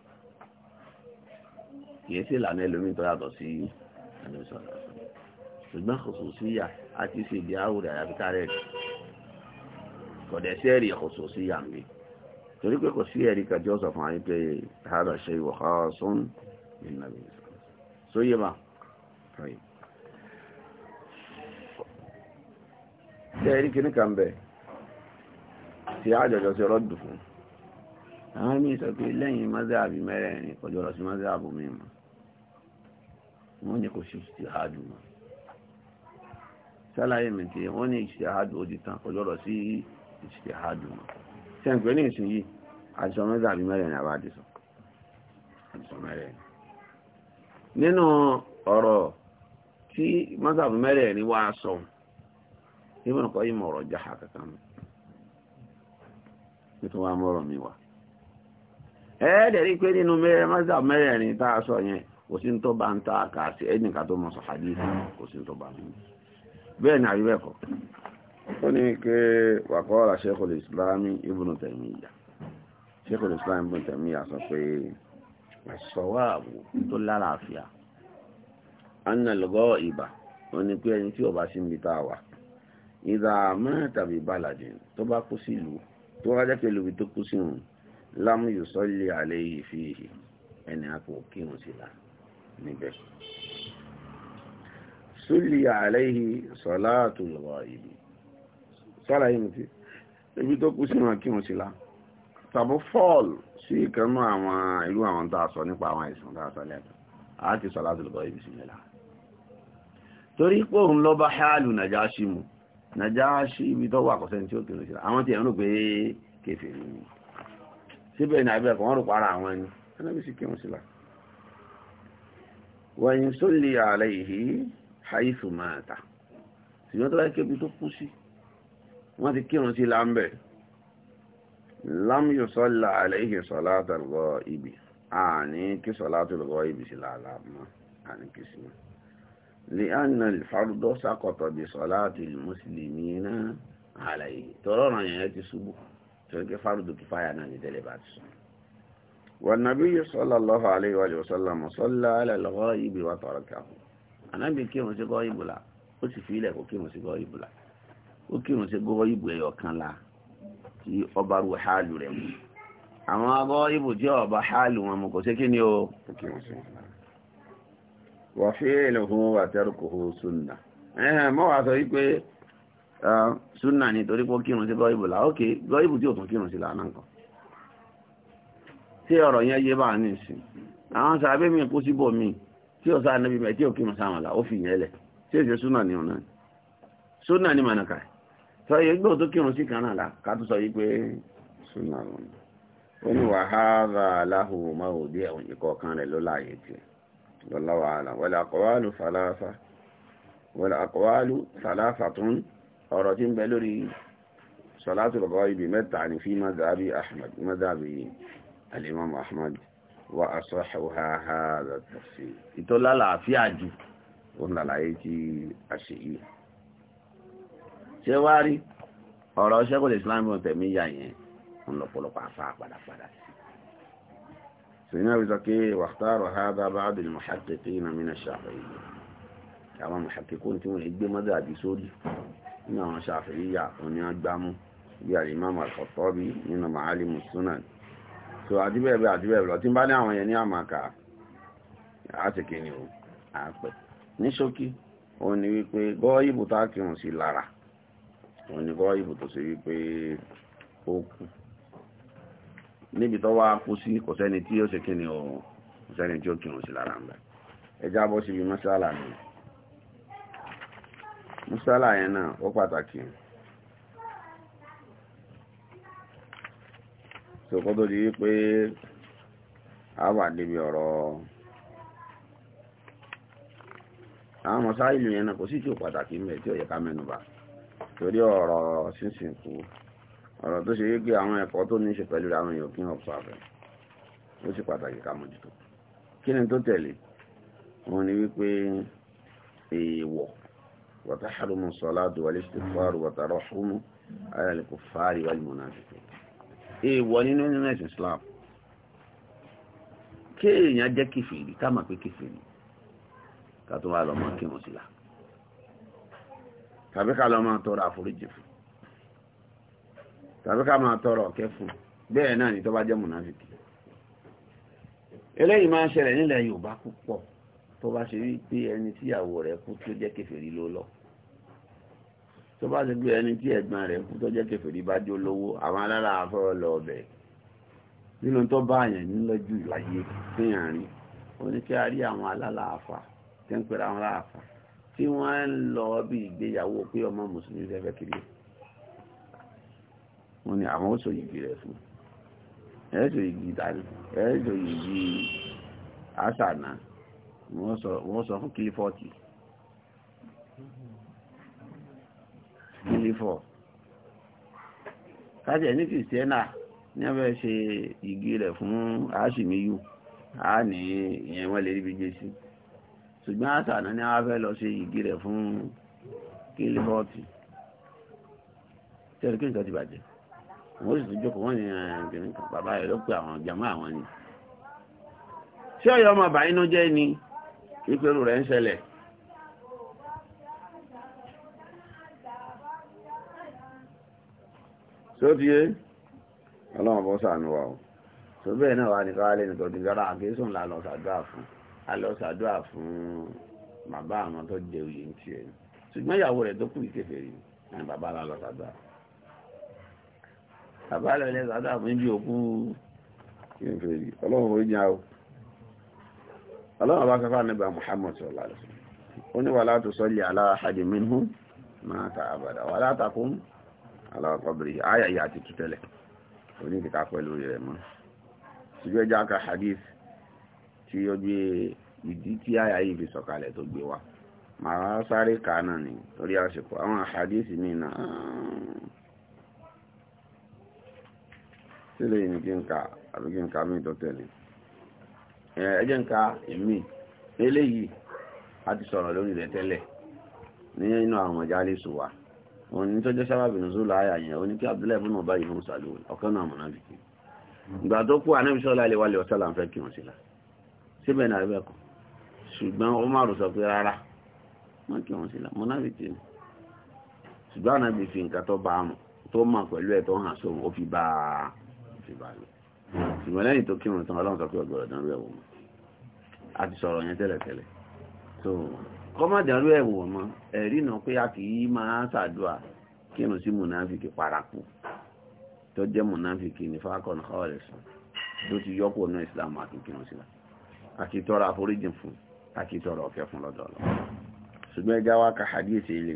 kìí sí ìlànà ẹlòmíì tó yàtọ̀ sí ànábì sọ̀rọ̀ ṣùgbọ́n khususiyya àti torí pé kò sí ẹ̀rí kàjọ sọ fún àyí pé hàrà ṣe ìwọ̀ ọ̀sán ìnàbí so yé ma ṣe ẹ̀rí kìíní kan bẹ̀ tí a jọjọ sí rọ́dù fún àwọn mí sọ pé lẹ́yìn mazhabi mẹ́rẹ̀ẹ̀rin kọjọ lọ sí mazhabu mímọ̀ wọ́n ní kò sí ìṣtìhádù mọ́ sálàyé ìsìn yìí àti ọmọ àbí mẹ́rin àbá Ninu nínú ọ̀rọ̀ tí mọ́sàbù mẹ́rin ní wá sọ ìmọ̀ kọ́ ìmọ̀ ọ̀rọ̀ jáhà kankan nítorí wá mọ́rọ̀ mi wá ẹ̀ẹ́dẹ̀ rí pé nínú mọ́sàbù mẹ́rin ní tá a sọ yẹn kò sí bá ta tó mọ̀ sọ kò sí bá ń bẹ́ẹ̀ ni ó ní kí wàkọ́ sheikh islam bin tamiya sọ pé as-sawab tó lálàáfíà anna al-ghaiba wọ́n ní pé ẹni tí ó bá sí ibi tá a wà idha mata bi baladin tó bá kú sí ìlú tó wá jẹ́ pé ìlú tó kú sí òun lam yusalli alayhi fihi ẹni a kò kírun sí la níbẹ̀ sulli alayhi salatul ghaibi sọ́lá yìí mi ti ibi tó kú sí òun kírun sí la tàbí fall sí ìkanú àwọn irú àwọn tá a sọ nípa àwọn àìsàn tá a sọ lẹ́ẹ̀kan a ti sọ láti lọ́gbọ́ ibi sí mẹ́la torí pé òun lọ bá ṣáàlù nàjáṣí mu nàjáṣí ibi tó wà kọ̀sẹ́ tí ó kìrò sí àwọn tí ẹ̀rù pé kéfè ní wọ́n ti kírun sí láńbẹ̀ẹ́ lámìyàn sọ́lá àlẹ́yìn sọ́lá tàbọ̀ ibi àní kí sọ́lá tó lọ́wọ́ ibi sí láàlámọ́ àní kí sí lè ánà ìfàrúdọ́ sàkọ̀tọ̀ bí sọ́lá àti mùsùlùmí náà àlẹ́yìn tọ́rọ̀ ràn yẹn ti ṣubú torí pé fàrúdù kí fáyà náà ní tẹ́lẹ̀ bá ti sùn. والنبي صلى الله عليه وسلم صلى على الغائب وتركه ànábì kírun sí gọ́ìbù la ó sì fi ilẹ̀ kó kírun sí gọ́ìbù la ó kírun sí tí ọba rú hálù rẹ̀ mú àwọn agọ́ ibù ọba hálù wọn mú kò sí kí ni ó wà fí ìlúhun wà tẹ́rùkùhù súnà ẹ̀hẹ̀n mọ́ wà sọ wípé súnà ni torí pé kírun sí gọ́ìbù là ókè gọ́ìbù tí ò tún kírun sí lànà kan tí ọ̀rọ̀ yẹn yé bá ní ìsìn àwọn mi kú síbò mi tí níbi ò kírun sáwọn là ó fi yẹn lẹ̀ tí èsì súnà ni ọ̀nà súnà sọ yìí gbọ́ tó kírun sí kanáàlá ká tó sọ yìí pé súnà lọ́nà ó ní wàhálà aláhùn máa òdí ẹ̀wọ̀n ìkọ̀ọ̀kan rẹ̀ ló láàyè tiẹ̀ lọ́láwà àlà wala aqwalu thalatha wala aqwalu thalathatun ọ̀rọ̀ tí ń bẹ lórí salatu al-ghaibi mẹ́ta ní fi madhabi ahmad madhabi al ahmad wa asahuha hadha at-tafsir ìtọ́lá làáfíà jù ó ń lálàyé tí a ṣé wá rí ọ̀rọ̀ ṣẹ́kọ̀ọ́ islam wọn tẹ̀mí yà yẹn ń lọ́pọ̀lọpọ̀ afá padàpadà sí sèyí náà wíṣọ pé wàhtàrọ̀ hádà bá àdùn muhaqqiqina min ash-shafi'iyya àwọn muhaqqiqun tí wọ́n gbé mọ́dà àbí sórí nínú àwọn Shafi'iyya òní agbámú bí al-Imam al-Khattabi nínú Ma'alimu Sunan so àdíbẹ̀ẹ̀bẹ̀ àdíbẹ̀ẹ̀bẹ̀ lọ tí bá ní àwọn yẹn ní àmàkà àtìkì ni ó ní ṣókí ó ní wípé gọ́ ìbùtákìrùn sí lára òun ni gọ́ ìbò tó ṣe wípé ó kú níbi tó wá kú sí kò sẹ́ni tí ó ṣe kí ni ọ̀rùn kò sẹ́ni tí ó kírun sí lára ń ẹjá bọ́ síbi mọ́sálà mọ́sálà yẹn náà ó pàtàkì tó di a wà débi ọ̀rọ̀ àwọn mọ́sálà ìlú yẹn náà kò sí tí ó pàtàkì torí ọ̀rọ̀ sísìnkú ọ̀rọ̀ tó ṣe yégbé àwọn ẹ̀kọ́ tó ní ṣe pẹ̀lú àwọn èèyàn kí wọ́n pa fẹ́ ó sì pàtàkì ká mójútó kí ni tó tẹ̀lé wọn ni wípé èèwọ̀ wọ́tá ṣàrùmù sọ́lá duwalé ṣe fọ́ọ̀rù wọ́tá rọ́ṣùmù ayàlẹ́kọ̀ fáàrí wà lùmọ̀ náà fífẹ́ èèwọ̀ nínú nínú ẹ̀sìn Islam kéèyàn jẹ́ kìfìrí ká mà pé kìfìrí ká tó wà lọ́mọ kí wọ́n sì là tàbí ká lọ máa tọrọ àforíjì fún tàbí ká máa tọrọ ọ̀kẹ́ fún bẹ́ẹ̀ náà ni tó bá jẹ́ mùnáfíkì eléyìí máa ń ṣẹlẹ̀ nílẹ̀ Yorùbá púpọ̀ tó bá ṣe rí pé ẹni tíyàwó rẹ̀ kú tó jẹ́ kèfèrí ló lọ tó bá ṣe pé ẹni tí ẹ̀gbọ́n rẹ̀ kú tó jẹ́ kèfèrí bá jó lówó àwọn alára afọ́rọ̀ lọ ọbẹ̀ nínú tó bá àyàn nílọ́jú ìlàyé fihàn rí oníkẹ́ àrí àwọn alára àfà tẹ́ ń pẹ̀lú àwọn alára àfà tí wọ́n ń lọ bí ìgbéyàwó pé ọmọ mùsùlùmí fẹ́ fẹ́ kiri wọ́n ní àwọn oṣù yìí rẹ̀ fún ẹ̀ẹ́sọ̀ yìí dání ẹ̀ẹ́sọ̀ yìí àṣànà wọ́n sọ fún kílífọ́ọ̀tì kílífọ́ kájẹ̀ ní kìrìsìtẹ́nà ní ọbẹ̀ ṣe igi rẹ̀ fún aṣìmíyù a ní ìyẹn wọ́n lè rí bí jésù ṣùgbọ́n àtànà ni a fẹ́ lọ ṣe ìdí rẹ̀ fún kílíbọ́ọ̀tì tẹ́lẹ̀ kí nǹkan ti bàjẹ́ wọ́n sì tún jókòó wọ́n ní ẹ̀ẹ́dẹ̀rin kan bàbá rẹ̀ ló pe àwọn jàmá àwọn ni ṣé ọ̀yọ́ ọmọ bàínú jẹ́ ni ìpérò rẹ̀ ń ṣẹlẹ̀ tó ti yé ọlọ́run bọ́ sànù wa o bẹ́ẹ̀ náà wà ní káwálé nítorí rárá àkéésùn làlọ́ sàdúrà fún un alọ́sàdúrà fún bàbá àwọn tó jẹ oyè ní tiẹ̀ ṣùgbọ́n ìyàwó rẹ̀ tó kù ìkẹfẹ́ rí ní bàbá alọ́sàdúrà bàbá alọ́sàdúrà fún ibi òkú ìkẹfẹ́ rí ọlọ́run orí jẹ́ àwọn ọlọ́run bá kẹfà níbà Muhammad sallallahu alaihi wasallam ó ní wàlá tó sọ́lẹ̀ aláhàdì mínú máa ta àbàdà wàlá takún aláwọ̀kọ́bìrì ayàyà àti tútẹ́lẹ̀ oníkìta pẹ̀lú rẹ̀ mọ́ ṣùgbẹ́jà ka tí ó gbé ìdí tí àyà yìí fi sọ̀kalẹ̀ tó gbé wa màá sáré kà náà ni torí àsìkò àwọn àhàdísì mi náà sílẹ̀ yìí ni kí n ka àbí kí n ka mí tó tẹ̀lé ẹ n ka èmi eléyìí a ti sọ̀rọ̀ lórí rẹ̀ tẹ́lẹ̀ nínú àwọn ọjà lè sùn wa òun ní tó jẹ́ sábàbí nùsùn láàyà yẹn òun ní kí Abdullahi bùnú báyìí fún sàlùwẹ̀ ọ̀kan náà mọ̀nà bìkì ìgbà tó kú ànábìsọ́lá ilé wa lè ọ̀sálà ń fẹ́ kí wọ́n sí la síbẹ̀ náà bẹ́ẹ̀ kọ́ ṣùgbọ́n Umaru sọ pé rárá wọ́n kí wọ́n sílá mọ́nàfíkì ni ṣùgbọ́n ànábì fi nǹkan tó bá a mọ̀ tó mọ̀ pẹ̀lú ẹ̀ tó hàn sóhun ó fi bá a fi bá a lọ ṣùgbọ́n lẹ́yìn tó kírun tán ọlọ́run sọ pé ọgbọ̀rọ̀ dánrú ẹ̀wọ̀n mọ́ a ti sọ̀rọ̀ yẹn tẹ́lẹ̀tẹ́lẹ̀ so kọ́mọ̀ dánrú ẹ̀wọ̀n mọ́ ẹ̀rí nà pé a kì í máa ṣàdúrà kírun sí mùnáfíkì paraku tó jẹ́ mùnáfíkì ní fákọ̀n kọ́ọ̀lẹ̀sùn tó ti yọ́pọ̀ náà ìsìlámù àti kírun sílá àti tọrọ àforíjìn fún àti tọrọ ọ̀fẹ́ fún lọ́dọ̀ lọ ṣùgbọ́n ẹjá wá ka hadith ilé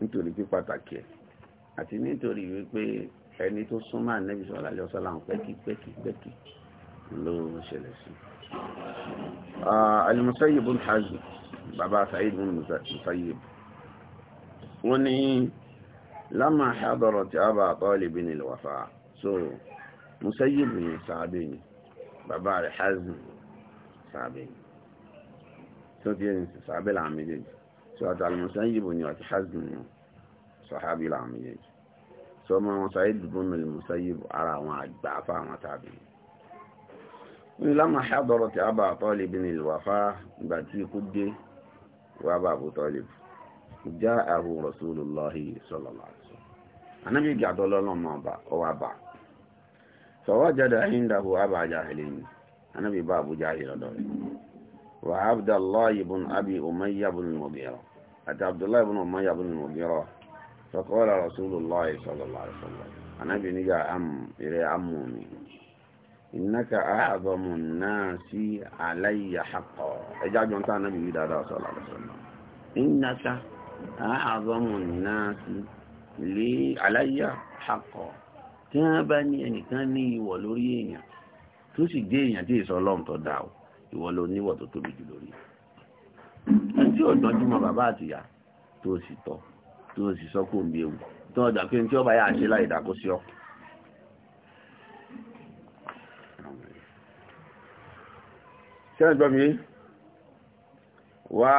nítorí pípàtàkì ẹ̀ àti nítorí wípé ẹni tó súnmọ́ ànẹ́bí sọ́lá lọ sọ́lá ń pẹ́kí pẹ́kí pẹ́kí ló ṣẹlẹ̀ sí al-Musayyib ibn Hazm bàbá Sa'id ibn Musayyib wọ́n ní lámà hadọ̀rọ̀ tí a bá Talib bin al-Wafa so Musayyib ibn Sa'id ni bàbá rẹ̀ Hazm sàbẹ̀ tí ó ti yẹ ní sàbẹ̀ làwọn méjèèjì tí wàá tààlù mọ̀sán yìí bò ní wàá ti hasbin ní sàhábì làwọn méjèèjì tí ọmọ wọn sáyé dùbò mẹ́lẹ̀ mọ̀sán yìí bò ara anábì bá Abu Jahil lọ́dọ̀ rẹ̀ wà Abdullahi ibn Abi Umayya ibn al-Mughira àti Abdullahi ibn Umayya ibn al-Mughira faqala Rasulullah sallallahu alaihi wasallam anábì níjà ìrẹ́ amú mi innaka a'zamu an-nasi alayya haqqan ẹjá jọ ń tán anábì yìí dáadáa sallallahu alaihi wasallam innaka a'zamu an-nasi li alayya haqqan tí wọ́n bá ní ẹnìkan ní ìwọ̀ lórí tó sì jẹ́ èèyàn tí ìsọ ọlọ́run tó dà ó ìwọ ló níwọ̀ tó tóbi jù lórí tí ò dánjú mọ bàbá àtìyá tó sì tọ́ tó sì sọ kó mi ewu tó ọjà pé tí ọba yà ṣe láì dàkó sí ọ. ṣé ẹ gbọ́ mi wá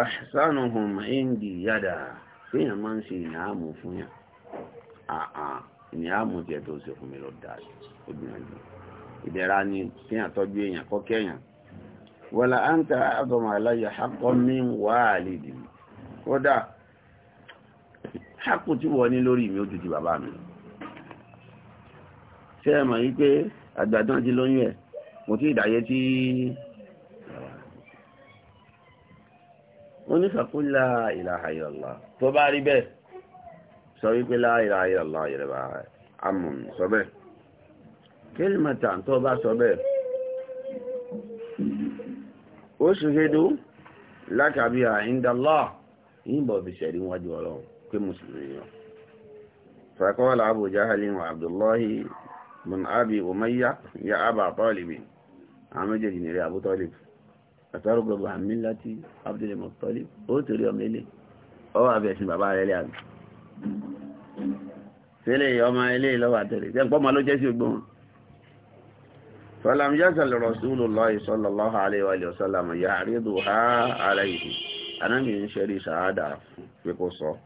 ahsanuhum indi yada fíyàn máa ń ṣe ìnáàmù fún yàn àà ìnáàmù jẹ́ tó ṣe fún mi lọ dáa obìnrin jù. ìdẹ̀ra ni kíyàn tọ́jú èèyàn kọ́kẹ́ èèyàn wọ́la á ń ta àbọ̀mọ̀ aláyà hákọ́ ní wàálìdì kódà hákù tí wọ́n ní lórí mi ó bàbá mi ṣe ẹ mọ̀ wípé àgbàdàn ti lóyún ẹ̀ mo tí ìdáyé tí ìlàhà tó bá rí bẹ́ẹ̀ sọ wípé amùn sọ bẹ́ẹ̀ kílìmọ̀tà tó bá sọ bẹ́ẹ̀ ó ṣùgbẹ́dó látàbí àìndàlá yìnbọn fi ṣẹ̀rí wájú ọlọ́run pé mùsùlùmí yàn fàkọ́ọ̀lá Abu Jahalin Abdullahi bin Abi Umayya ya Aba Talib àwọn méjèèjì nìrí Abu Talib àtàrùgbọ̀gbọ̀ àmìláti Abdul Muttalib ó torí ọmọ ilé ọwọ́ àbẹ̀sìn bàbá rẹ̀ lẹ́ sílẹ̀ ọmọ ilé lọ́wọ́ فلم يزل رسول الله صلى الله عليه وآله وسلم يعرضها عليه أنا من شري سعادة في قصة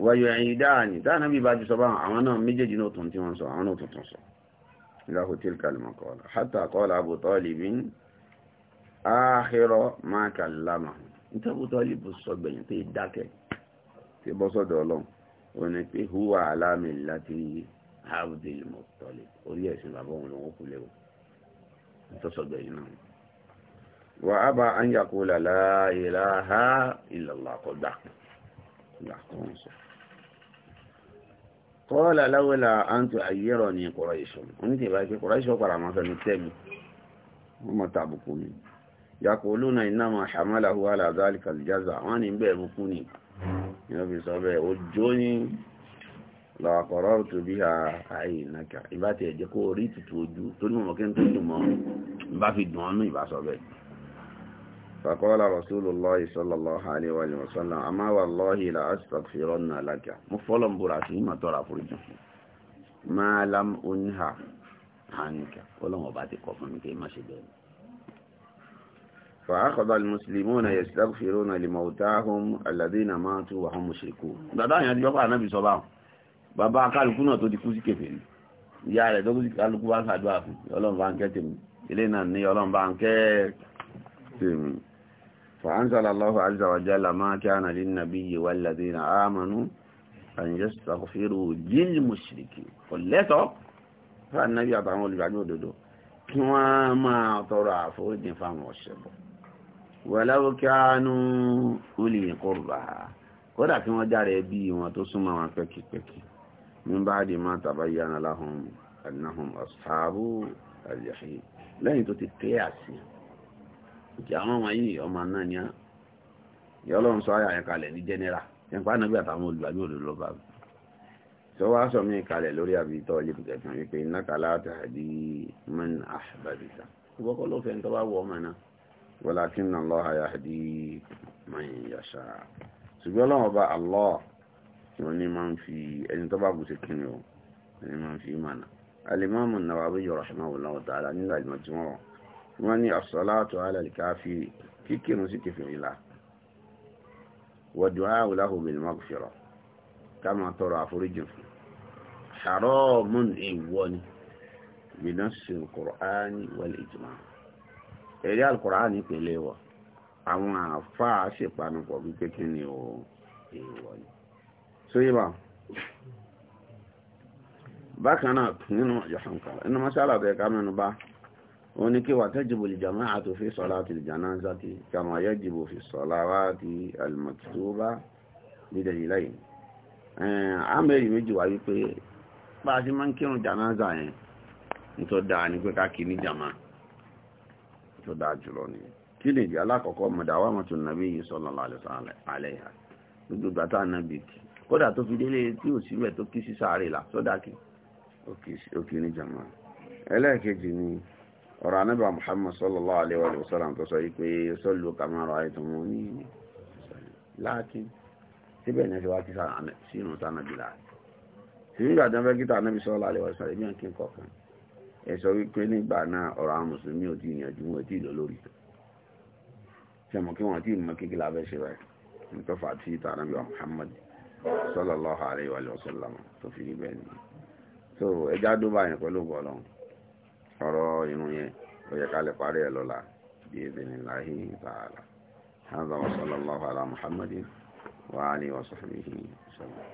ويعيدان ده نبي بعد صباح أنا ميجي جنو تنتي وانسو أنا تنتي له تلك المقالة حتى قال أبو طالب آخر ما كلمه أنت أبو طالب الصبي أنت إداك تبصد الله ونكي هو على ملته Abdul Muttalib orí ẹ̀sìn bàbá òun lòun kú léwu ìtọ́sọ̀gbẹ̀ yìí náà wà á bá an yaqula la ilaha illallah kọgbà kọ́ọ̀lá láwọ́lá an tó àyẹ́rọ̀ ní Qurayshun oníkè bá ṣe Qurayshun padà máa fẹ́ mi tẹ́mi wọ́n tàbùkù mi yaquluna innama hamalahu ala dhalika al-jaza' wọ́n ní bẹ́ẹ̀ bukú ni yóò fi sọ bẹ́ẹ̀ ojú ní lọ́kọ̀ọ́rọ́ tó bí àìyànnáka ìbá ti ẹ̀jẹ́ kó orí tutù ojú tó ní mọ̀mọ́ kí n tó dùn mọ́ ìbá fi dùn ọ́nú ìbá sọ bẹ́ẹ̀. fàkọ́lá rasulullah sallallahu alaihi wa sallam àmá wallahi la astaghfiranna laka mo fọ́lọ̀ ń búra sí ìmọ̀ tọ́ra foríjì máa lam oníhà hànìkà ọlọ́wọ́n bá ti kọ̀ fún mi فأخذ المسلمون يستغفرون لموتاهم الذين ماتوا وهم مشركون. ده ده يعني بيقع النبي صلى الله عليه وسلم bàbá kálukú náà tó ti kú sí kèfèrí ìyá rẹ̀ tó kú sí kálukú bá ṣàdúrà fún ọlọ́run ń kẹ́ tèmi ilé náà ní ọlọ́run ń kẹ́ tèmi فأنزل الله عز وجل ما كان للنبي والذين آمنوا أن يستغفروا للمشركين قلتوا فالنبي أطعموا لبعجوده وما ترى فرد فهم الشبه ولو كانوا أولي قربها kódà kí wọ́n járe bí wọn tó súnmọ́ wọn pẹ́kipẹ́kì من بعد ما تبين لهم أنهم أصحاب الجحيم لن تتقياس جاءوا معي أما أنني يلون سوايا يقال لي جنرا ينفع نبي أتعمل البابي وللباب سواء سمي قال لوري أبي طالب كان يقول إنك لا تهدي من أحببت وقالوا في أنت ومنا ولكن الله يهدي من يشاء سبحان الله tí wọ́n ní máa ń fi ẹni tó bá kù sí kíni o ẹni máa ń fi mànà alimami Nawawi rahimahullahu ta'ala nígbà ìmọ̀ tí wọ́n wọ́n ní as-salatu ala al-kafiri kíkìrún sí kẹfìrí la wa du'a'u lahu bil maghfirah ká máa tọrọ àforíjì fún haramun èèwọ̀ ni bìnásì al-Qur'ani wal ijma' ẹ̀rí al àwọn àfáà ṣèpanupọ̀ wípé kí ni o èèwọ̀ ni sóyè bá bákan náà nínú ìyàṣànkà inú mọ́ṣálà bẹ̀ẹ̀ ká mẹ́nu bá ó ní kí wà tẹ́jìbò lè jàmá àtò fi sọ́lá ti lè jàná záti kàmà yẹ́ jìbò fi sọ́lá wá ti alìmọ̀tìtòbá nídẹ̀ yìí láyìn àmẹ́rì méjì wá wípé bá a ti máa ń kírun jàná zà yẹn nítọ́ kí kódà tó fi délé tí ò sí rẹ̀ tó kí sí sáré là sọ́dákì òkè ní jama ẹlẹ́ẹ̀kejì ni ọ̀rọ̀ anábà Muhammad sallallahu alaihi wa sallam tó sọ yí pé sallu kama ra'aytumuni láàkín síbẹ̀ ní ẹ̀ṣẹ̀ wá kí sínú sánàbí láàkín nígbà tí wọ́n fẹ́ kíta anábì sọ́lá àlẹ́wà ìsàlẹ̀ bí wọ́n kí n kọ̀ọ̀kan ẹ sọ wípé nígbà náà ọ̀rọ̀ àwọn mùsùlùmí ò tí ì yànjú wọn tí ì lọ lórí ṣe mọ̀ kí wọ́n tí ì mọ kékeré abẹ́ṣe rẹ̀ nítorí fàtí ìta anábì Muhammad sallallahu alaihi wa sallam tó fi rí bẹ́ẹ̀ ni so ẹjá dúbà yẹn pẹ̀lú bọ́ọ̀lọ́ ọ̀rọ̀ irun yẹn ó yẹ ká lè parí ẹ̀ lọ́la bí iznillahi ta'ala hadha wa sallallahu ala muhammadin wa alihi wa sahbihi sallam